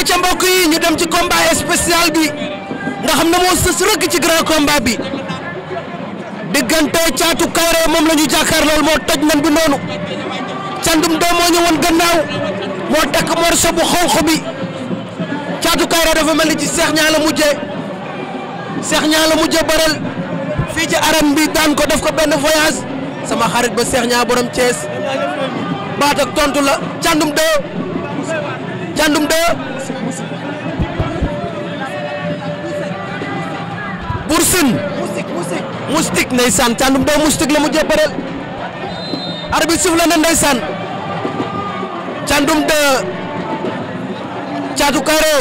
aca mbokk yi ñu dem ci combat spécial bi nga xam ne moo sës rëkk ci grand combat bi diggante caatu kawre moom la ñu jàkkaar lool moo toj nan bi noonu candum doo moo ñu gannaaw moo takk morso bu xonq bi caatu kawre dafa mel ni ci seex ñaa la mujjee seex ñaa la mujjee baral fii ci aram bi daan ko def ko benn voyage sama xarit ba seex ñaa borom Thiès baat ak tontu la candum doo Thiandoum 2 Bour Sine Moustique ndeysaan Thiandoum 2 Moustique la mu jë ndeysaan Thiandoum 2 Thiatou Kairé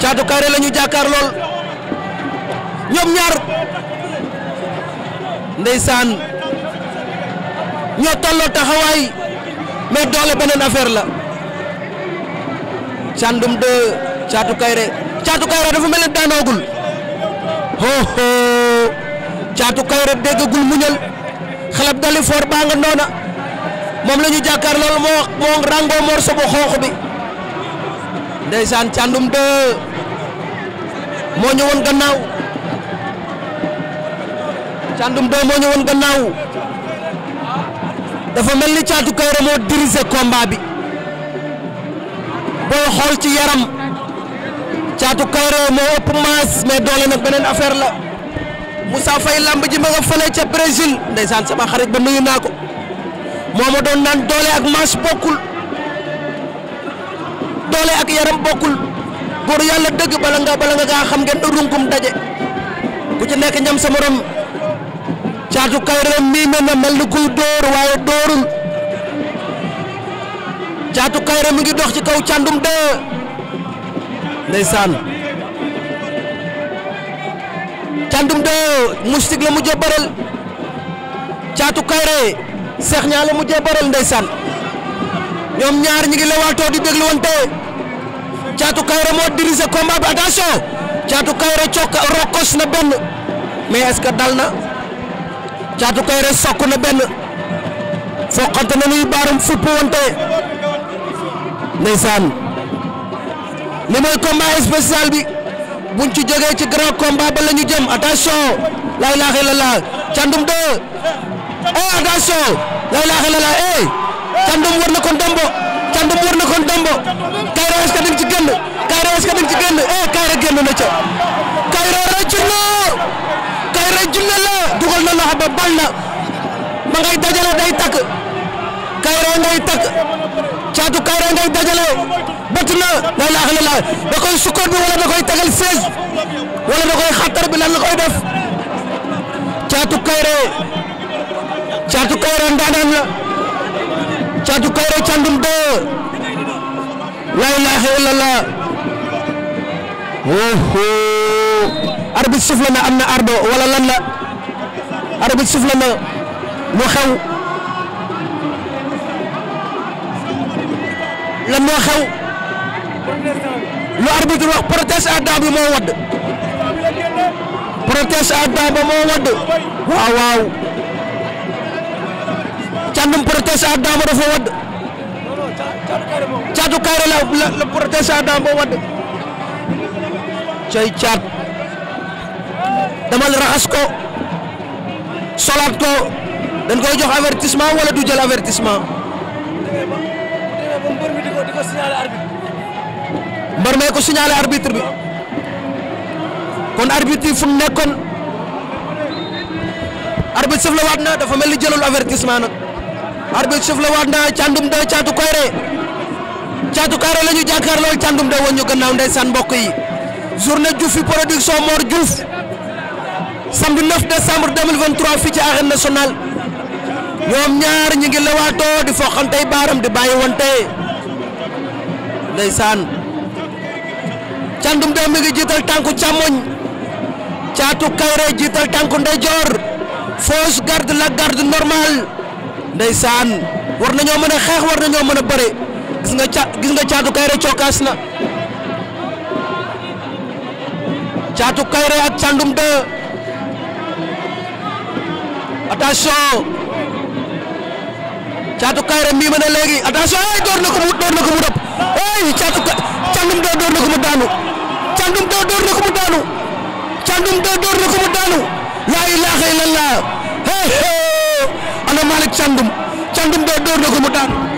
Thiatou Kairé la jàkkaar lool ñoom ñaar ndeysaan ñoo tolloo taxawaay mais doole beneen affaire la Thiandoum 2 Thiatou Kairé Thiatou Kairé dafa mel ne daanoogul hoo hoo Thiatou Kairé déggagul muñal xalab dali foor baa nga noona moom la jàkkaar lool moo ràngoo morso bu xoox bi ndeysaan Thiandoum 2 moo ñëwoon gannaaw Thiandoum 2 moo ñëwoon gannaaw dafa mel ni Thiatou Kairé moo dirigé combat bi xool ci yaram caatu Kayré moo ëpp maas mais doole nag beneen affaire la Moussa Faye lamb ji ma nga fële ca Brésil ndeysaan sama xarit ba nuyu naa ko moo a doon naan doole ak maas bokkul doole ak yaram bokkul góor yàlla dëgg bala nga bala nga gaa xam ngeen runkum daje ku ci nekk ñam sa morom caatu Kayré mii na mel ni kuy dóor waaye dóorul. caatu kayre mu ngi dox ci kaw candum de ndeysaan candum de moustique la mujjee bëral caatu kayre seex ñaa la mujjee bëral ndeysaan ñoom ñaar ñi ngi lewaatoo di déglu wante caatu kayre moo dirigé combat bi attention caatu kayre cokk rokkos na benn mais est-ce que dal na caatu kayre sokk na benn foqante na nuy baaram fupp wante ndeysaan li mooy combat spécial bi buñ ci jógee ci grand combat ba la ñu jëm attention la ilaha illallah candum de eh attention la ilaha illallah eh, candum war na ko ndombo candum war na ko ndombo kayra est-ce ci génn kayra est-ce dañ ci génn eh kayra génn na ca kayra rëcc na kayra junne la dugal na loxo ba bal na ma ngay dajale day takk caatu kaara ngay dajale bët na la ilaha illallah da koy sukkoon bi wala da koy tegal seize wala da koy la koy def caatu kaara caatu kaara ndaanaan la caatu kaara candum doo la ilaha illallah oho arbitre sufle na am na ardo wala lan la arbitre na mu xew lan moo xew lu arbitre protest à daan moo wadd protest à daan moo wadd waaw waaw càndum protest à daan dafa wadd caatu kaare la protest à daan wadd cay caat damal raxas ko solaat ko dañ koy jox avertissement wala du jël avertissement mbër mi di ko di ko arbitre. bi kon arbitre yi fu nekkoon arbitre sëf la waat na dafa mel jëlul avertissement nag arbitre sëf la waat na càndum de caatu koyre caatu koyre la ñu jàkkaar lool càndum de woon ñu mbokk yi journée Dioufy production Mor Diouf samedi 9 décembre 2023 fii ci arène ñoom ñaar ñi ngi lewaatoo di foqantey baaram di bàyyi wante ndeysaan candum dee mi ngi jiital tànku càmmoñ caatu kayre jiital tànku ndeyjoor fausse garde la garde normal ndeysaan war nañoo mën xeex war nañoo mën a bëre gis nga ca gis nga caatu kayre cokkaas na caatu kayre ak candum dee attention caatu kayre mii ma ne léegi attention door na ko mu hey caatu ka candum doo door na ko mu candum doo door na ko mu candum doo door na ko mu laa ilaaha illallah hey hey ana candum candum doo door na ko mu